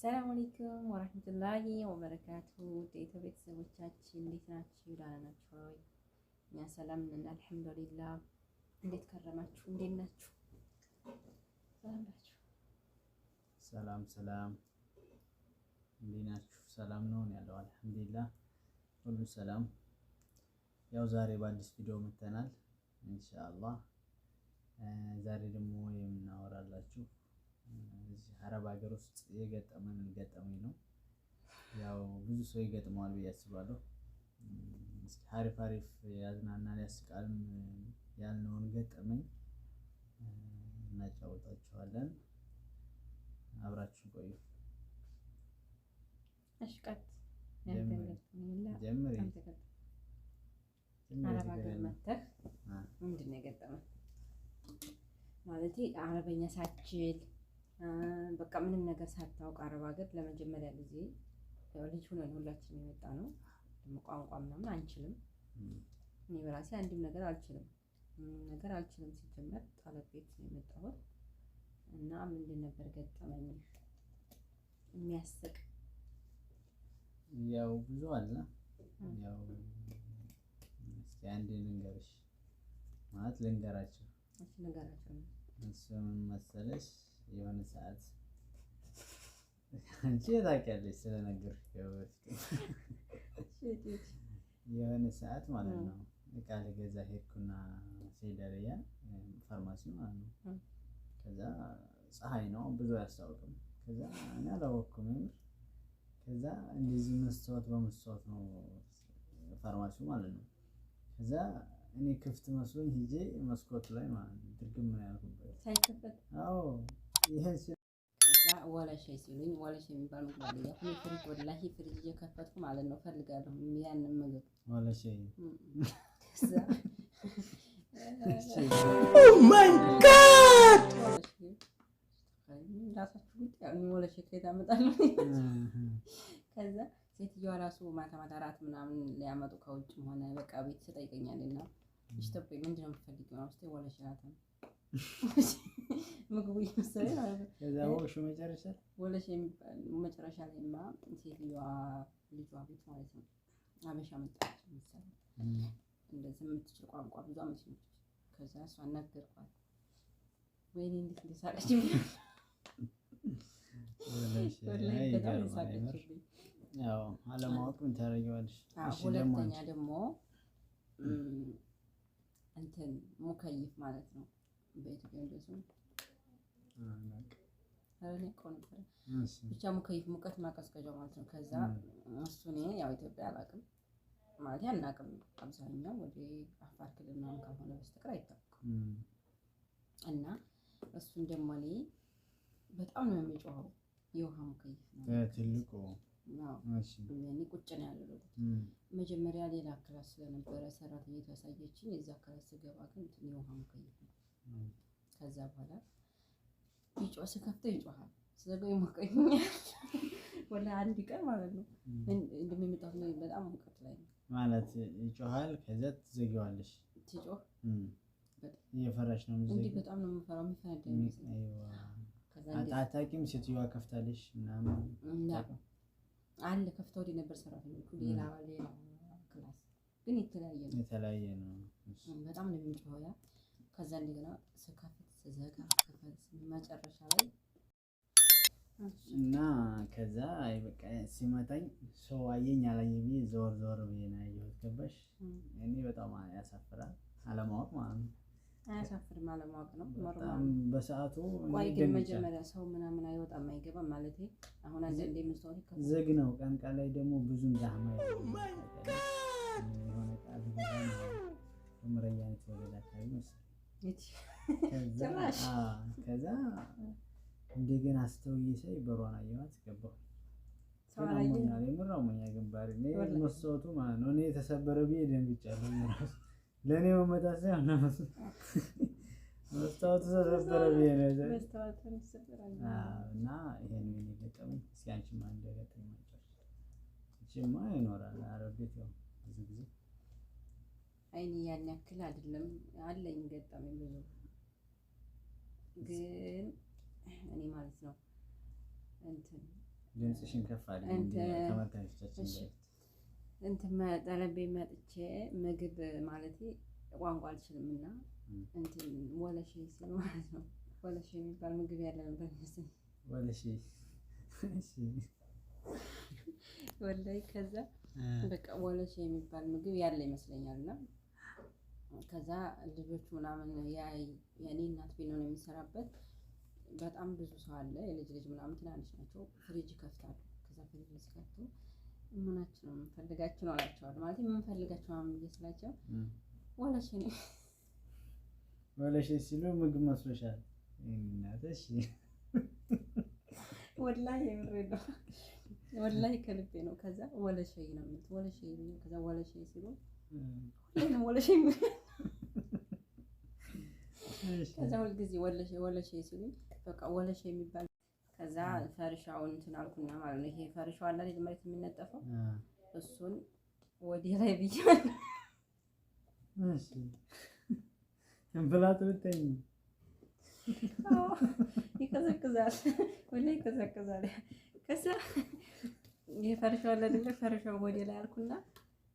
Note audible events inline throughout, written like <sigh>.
አሰላሙ አለይኩም ወረህመቱላሂ ወበረካቱ። የኢትዮጵያ ቤተሰቦቻችን እንዴት ናችሁ? ደህና ናችሁ ወይ? እኛ ሰላም ነን አልሐምዱሊላህ። እንዴት ከረማችሁ? እንዴት ናችሁ? ሰላም ናችሁ? ሰላም ሰላም። እንዴት ናችሁ? ሰላም ነው ያለው አልሐምዱሊላህ፣ ሁሉ ሰላም። ያው ዛሬ በአዲስ ቪዲዮ መተናል ኢንሻአላህ። ዛሬ ደግሞ የምናወራላችሁ አረብ ሀገር ውስጥ የገጠመን ገጠመኝ ነው። ያው ብዙ ሰው ይገጥመዋል ብዬ አስባለሁ። አሪፍ አሪፍ ያዝናናል፣ ያስቃልም ያልነውን ገጠመኝ እናጫወታችኋለን። አብራችሁ ቆዩ። አሽቃት ጀምር። አረብ ሀገር ምንድን ነው የገጠመን? አረበኛ ሳችል በቃ ምንም ነገር ሳታውቅ አረብ ሀገር ለመጀመሪያ ጊዜ ልጅ ሆነን ሁላችን የመጣ ነው። ቋንቋ ምናምን አንችልም። እኔ በራሴ አንድም ነገር አልችልም፣ ነገር አልችልም። ሲጀመር ጠለብ ቤት ነው የመጣሁት እና ምንድን ነበር ገጠመኝ የሚያስቅ ያው ብዙ አለ። ያው እስኪ አንድ ልንገርሽ ማለት ልንገራቸው እሱ ምን መሰለሽ የሆነ ሰዓት አንቺ ታውቂያለሽ ስለነገርኩሽ የሆነ ሰዓት ማለት ነው እቃ ልገዛ ሄድኩና ሴደርያ ፋርማሲ ማለት ነው። ከዛ ፀሐይ ነው ብዙ አያስታውቅም። ከዛ እኔ አላወኩም። ከዛ እንደዚህ መስታወት በመስታወት ነው ፋርማሲ ማለት ነው። ከዛ እኔ ክፍት መስሎኝ ሂጄ መስኮት ላይ ማለት ነው ድርግም ነው ያልኩበት አዎ ይህን ሲሉ ከዛ ሲሉኝ ወለሸ የሚባል ምግብ አለ። ያሁን ፍሪጅ ወላሂ ፍሪጅ እየከፈትኩ ማለት ነው ፈልጋለሁ ያንን ምግብ ወለሸ ማይ ጋድ ወለሸ ከየት አመጣለሁ? ከዛ ሴትዮዋ ራሱ ማታ ማታ ራት ምናምን ሊያመጡ ከውጭ ሆነ በቃ ቤት ትጠይቀኛለች እና ምንድን ነው የምትፈልጊው? ወለሸ ናት ነው <laughs> ምግቡ እየመሰለኝ ማለት ነው። ከዛ ወቅሹ መጨረሻ ወለሽ መጨረሻ ላይማ ሴትዮዋ ልጇ ቤት ማለት ነው አበሻ መጣች መሰለኝ እንደዚህ የምትችል ቋንቋ ብዙ አመት ነው። ከዛ እሷ አናገርኳት ወይኔ እንዴት እንደሳቀች <laughs> አለማወቅ ምን ታደርጊዋለሽ። ሁለተኛ ደግሞ እንትን ሙከይፍ ማለት ነው በኢትዮጵያ እንደዚህ ብቻ ሙከይፍ ሙቀት ማቀዝቀዣ ማለት ነው። ከዛ እሱ እኔ ያው ኢትዮጵያ አላውቅም ማለት አናውቅም። አብዛኛው ወደ አፋር ክልል ምናምን ካልሆነ በስተቀር አይታወቅም። እና እሱን ደግሞ እኔ በጣም ነው የሚጮኸው የውሃ ሙከይፍ ትልቁ እኔ ቁጭ ነው መጀመሪያ ሌላ ክላስ ስለነበረ ሰራተኛ ያሳየችኝ፣ የዛ ክላስ ስገባ ግን የውሃ ሙከይፍ ነው ከዛ በኋላ ይጮ ስከፍተው ይጮሃል፣ ስለዚህ ይሞቀኛል። <laughs> ወላ አንድ ቀን ማለት ነው እንደሚመጣት ነው። በጣም ሙቀት ላይ ማለት ይጮሃል። ከዛ ትዘጊዋለሽ። ሲጮህ እየፈራሽ ነው እንዴ? በጣም ነው የምፈራው። የሚፈነዳ ይመስል አታውቂም። ሴትዮዋ ከፍታለሽ ምናምን አለ ከፍተው ወደ ነበር ሰራተኞቹ ሌላ ሌላ ክላስ ግን የተለያየ ነው። የተለያየ ነው። በጣም ነው የሚጮኸው ያ ከዛ እንደገና ስከፍት ስዘጋ መጨረሻ ላይ እና ከዛ በቃ ሲመታኝ ሰው አየኝ አላየኝ ብዬ ዞር ዞር ብዬ ነው ያየሁት። ገባሽ? እኔ በጣም ያሳፍራል አለማወቅ ማለት ነው። አያሳፍርም አለማወቅ ነው። በጣም በሰዓቱ ቆይ ግን መጀመሪያ ሰው ምናምን አይወጣም አይገባም ማለት አሁን አንድ እንደ መስታወት ዝግ ነው። ቀን ቀን ላይ ደግሞ ብዙም ዛህማ oh የሆነ ቃል ምረያ ተወለዳ አካባቢ መሰለኝ ከዛ እንደገና አስተውዬ ሳይ በሯን አየኋት፣ ገባሁ። የምር አሞኛል መስታወቱ ማለት ነው። እኔ የተሰበረ ብዬ ደንግጫለሁ። ለእኔ መመታት ሳይሆን መስታወቱ ተሰበረ ብዬ እና ይሄን የሚጠቀሙኝ እስኪ አንቺማ እንደገጠመኝ ይኖራል። ኧረ ያው ብዙ ጊዜ አይኔ ያን ያክል አይደለም አለኝ ገጠመኝ ብዙ ግን እኔ ማለት ነው እንትን ድምፅሽን ከፍ እንትን ጠለቤ መጥቼ ምግብ ማለት ቋንቋ አልችልም እና እንትን ወለሽ ስል ማለት ነው ወለሽ የሚባል ምግብ ያለ ነበር መሰለኝ ወለሽ ወላይ ከዛ በቃ ወለሽ የሚባል ምግብ ያለ ይመስለኛል እና ከዛ ልጆች ምናምን የእኔ እናት ቤት ነው የሚሰራበት። በጣም ብዙ ሰው አለ፣ የልጅ ልጅ ምናምን ትናንሽ ናቸው። ፍሪጅ ይከፍታሉ። ከዛ ፍሪጅ ሲከፍቱ ምናችሁ ነው የምንፈልጋችሁ ነው አላቸዋል። ማለት የምንፈልጋችሁ ምናምን ብዬ ስላቸው ወለሽ ነው ወለሽ ሲሉ ምግብ መስሎሻል እናትሽ? <laughs> ወላሂ የምሬ ነው፣ ወላሂ ከልቤ ነው። ከዛ ወለሸይ ነው ወለሸይ፣ ከዛ ወለሸይ ሲሉ ሁሌንም ወለሼ ከዛ ሁልጊዜ ወለሼ ሲሉኝ በቃ ወለሼ የሚባል ከዛ ፈርሻውን እንትን አልኩና ማለት ነው። ይሄ ፈርሻው አለ አይደል መሬት የሚነጠፈው እሱን ወዲ ላይ ብያል እንብላት ብትኝ ይቀዘቅዛል ወላ ይቀዘቅዛል። ከዛ ይሄ ፈርሻው አለ አይደል ፈርሻው ወዲ ላይ አልኩና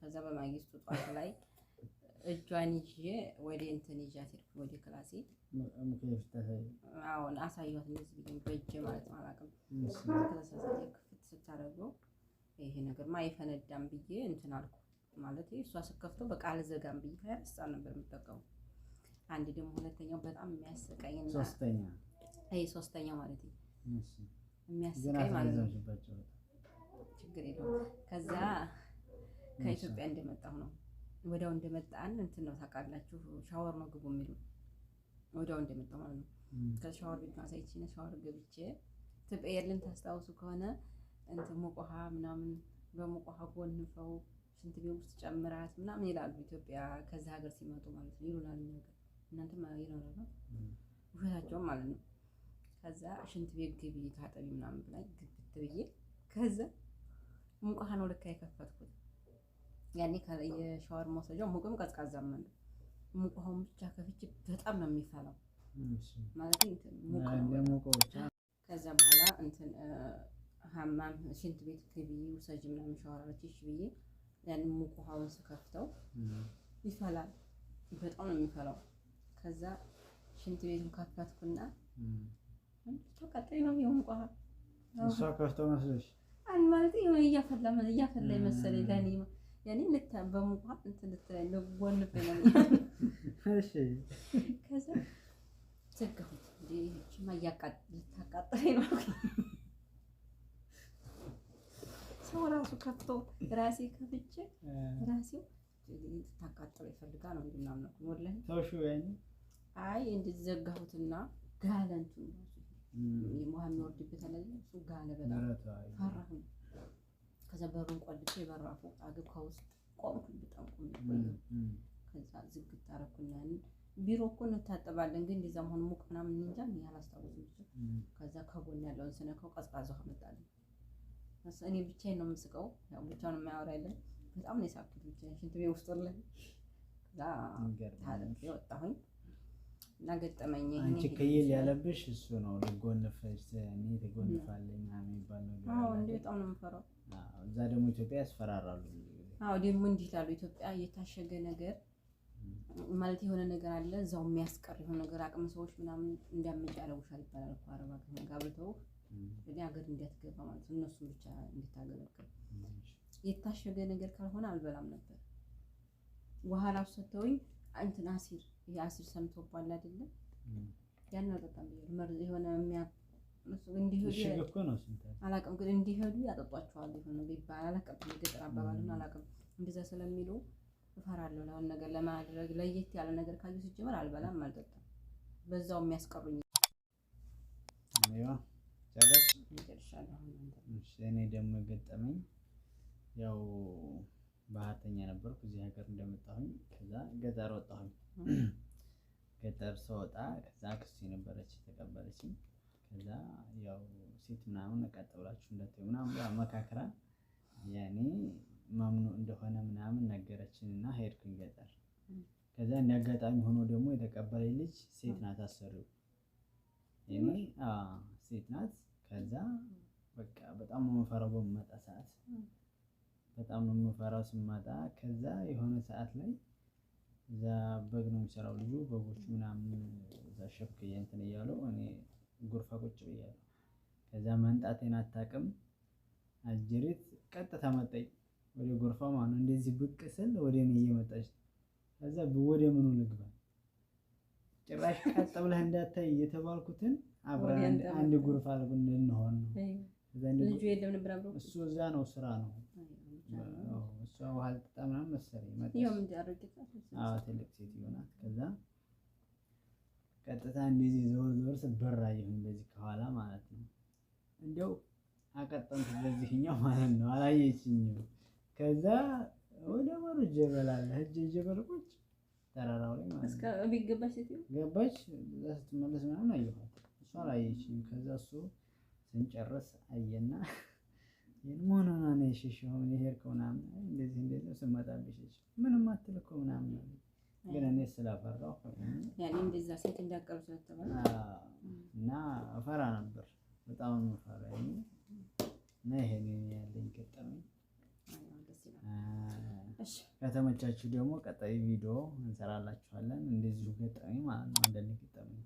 ከዛ በማግስቱ ጠዋት ላይ እጇን ይዤ ወደ እንትን ይዣት ሄድኩ ወደ ክላሴ። አሁን አሳየኋት እንደዚህ ብዬ በእጄ ማለት ነው። አላውቅም ክፍት ስታደርገው ይሄ ነገርማ አይፈነዳም ብዬ እንትን አልኩ ማለት እሷ ስከፍተው በቃል ዘጋም ብዬ ሀያ አምስት ሰዓት ነበር የምጠቀሙ። አንድ ደግሞ ሁለተኛው በጣም የሚያስቀኝ ይ ሶስተኛ ማለት ነው የሚያስቀኝ ማለት ነው። ችግር የለውም ከዛ ከኢትዮጵያ እንደመጣሁ ነው። ወዲያው እንደመጣን እንትን ነው ታውቃላችሁ፣ ሻወር ነው ግቡ የሚሉ ወዲያው እንደመጣሁ ማለት ነው። ከሻወር ቤት ማሳይች ሻወር ገብቼ ኢትዮጵያ የለን ታስታውሱ ከሆነ እንትን ሙቅ ውሃ ምናምን በሙቅ ውሃ ጎንፈው ሽንት ቤት ውስጥ ጨምራት ምናምን ይላሉ። ኢትዮጵያ ከዚህ ሀገር ሲመጡ ማለት ነው ይሉናል። ነገር እናንተም ይሉናል ነው ውሸታቸውም ማለት ነው። ከዛ ሽንት ቤት ግቢ ታጠቢ ምናምን ብላኝ ግብት ብዬ ከዛ ሙቅ ውሃ ነው ልካ የከፈትኩት ያኔ የሻወር መውሰጃው ሙቅም ቀዝቃዛም ነው። ሙቅ አሁን ብቻ ከፍቼ በጣም ነው የሚፈላው ማለት ከዛ በኋላ እንትን ሀማም ሽንት ቤት ግቢ ውሰጅ ምናምን ሻወር ብዬ ያን ሙቅ ውሃውን ስከፍተው ይፈላል፣ በጣም ነው የሚፈላው። ከዛ ሽንት ቤቱን ከፈትኩና ቀጣይ ነው የሙቅ ውሃ እሷ ከፍተው መስለሽ ማለት እያፈላ እያፈላ መሰለኝ ለእኔ ያኔ ልክ በሙቋ እንትን ልትለኝ ለጎን ብለኝ እሺ። ከዛ ዘጋሁት። ይህቺማ ልታቃጥለኝ ነው። ሰው ራሱ ከፍቶ ራሴ ከፍቼ ራሴው ልታቃጥለኝ ፈልጋ ነው አይ ጋለ እንትን ጋለ በጣም ፈራሁኝ። ከዛ በሩን ቆልፌ በራፉ አግብ ውስጥ ቆምኩ። በጣም ቆም ከዛ ዝግት አረኩና ቢሮ እኮ እንታጠባለን ግን እንደዛ መሆኑ ሙቅ ምናምን እንጃ አላስታውስም። ከዛ ከጎን ያለውን ስነካው ቀዝቃዛ ውሃ መጣልኝ። እኔ ብቻዬን ነው የምስቀው፣ ያው ብቻውን የማያወራ የለም። በጣም ነው የሳቅሁት ብቻዬን ሽንት ቤት ውስጥ ለን ከዛ ወጣሁኝ እና ገጠመኝ። አንቺ ከየል ያለብሽ እሱ ነው ልጎንፍ እኔ ትጎንፋለኝ ምናምን የሚባል ነገር አዎ፣ በጣም ነው የምፈራው እዛ ደግሞ ኢትዮጵያ ያስፈራራሉ። አዎ ደግሞ እንዲህ ይላሉ። ኢትዮጵያ የታሸገ ነገር ማለት የሆነ ነገር አለ እዛው የሚያስቀር የሆነ ነገር አቅም ሰዎች ምናምን እንዳመጫ ያለውሻል ይባላል እኮ አረብ ሀገር ጋብተው እንግዲህ ሀገር እንዲያስገባ ማለት ነው። እነሱም ብቻ እንድታገለግል የታሸገ ነገር ካልሆነ አልበላም ነበር። ውሃ ራሱ ሰጥተውኝ እንትን አሲር ይሄ አሲር ሰምቶባል አይደለም ያን አልጠጣም ብያለሁ። የሆነ የሚያ እንዲሄዱ አላውቅም፣ ግን እንዲሄዱ ያጠጧቸዋል የሆነ ቢባል አላቅም የገጠር አባባሉን አላውቅም። እንደዛ ስለሚሉ እፈራለሁ። ለሆን ነገር ለማድረግ ለየት ያለ ነገር ካዩ ሲጀመር አልበላም፣ አልጠጣም። በዛው የሚያስቀሩኝ እኔ ደግሞ የገጠመኝ ያው ባህርተኛ ነበርኩ እዚህ ሀገር እንደመጣሁኝ፣ ከዛ ገጠር ወጣሁኝ። ገጠር ስወጣ ከዛ ክስ ነበረች የተቀበለችኝ ከዛ ያው ሴት ምናምን ቀጥ ብላችሁ ምናምን መካከራ ያኔ ማምኖ እንደሆነ ምናምን ነገረችን እና ሄድኩኝ ገጠር። ከዛ እንደ አጋጣሚ ሆኖ ደግሞ የተቀበለኝ ልጅ ሴት ናት አሰሪው እኔ ሴት ናት። ከዛ በቃ በጣም ነው የምፈራው በምመጣ ሰዓት በጣም ነው የምፈራው ስመጣ። ከዛ የሆነ ሰዓት ላይ እዛ በግ ነው የሚሰራው ልጁ በጎቹ ምናምን እዛ ሸፍክ እንትን እያሉ እኔ ጎርፋ ቁጭ ብያለሁ። ከዛ መንጣቴን አታውቅም አጀሪት ቀጥታ መጣኝ ወደ ጎርፋ ማለት ነው። እንደዚህ ብቅ ስል ወደ እኔ እየመጣች ከዛ ወደ ምኑ ልግባ ጭራሽ ቀጥ ብለህ እንዳታይ የተባልኩትን አብረን አንድ ነው። ጉርፍ አድርገን እንሆን ነው። እሱ እዛ ነው ስራ ነው። እሷ ውሃ ልጠጣ ምናምን መሰለኝ ትልቅ ሴትዮ ናት። ከዛ ቀጥታ እንደዚህ ዞር ዞር ስበር አየሁኝ፣ እንደዚህ ከኋላ ማለት ነው። እንዲያው አቀጠምኩ በዚህኛው <laughs> ማለት ነው። አላየችኝም። ከዛ ወደ መሩ ጀበላለ ህጅ ጀበል ቁጭ ተራራው ላይ ማለት ነው። ገባች ስትመለስ ምናምን አየኋት፣ እሷ አላየችኝም። ከዛ እሱ ስንጨርስ አየና መሆን <laughs> ሆና ነው የሸሸው የሄድከው ምናምን እንደዚህ እንደዚህ ስመጣብሽ ምንም አትልከው ምናምን ግን እኔ ስለፈራሁ ያኔ እንደዛ ሴት እንዳቀሩ እና እፈራ ነበር። በጣም ፈራ እና ይሄን ያለኝ ገጠመኝ። ከተመቻችሁ ደግሞ ቀጣይ ቪዲዮ እንሰራላችኋለን። እንደዚሁ ገጠመኝ ማለት ነው ገጠመኝ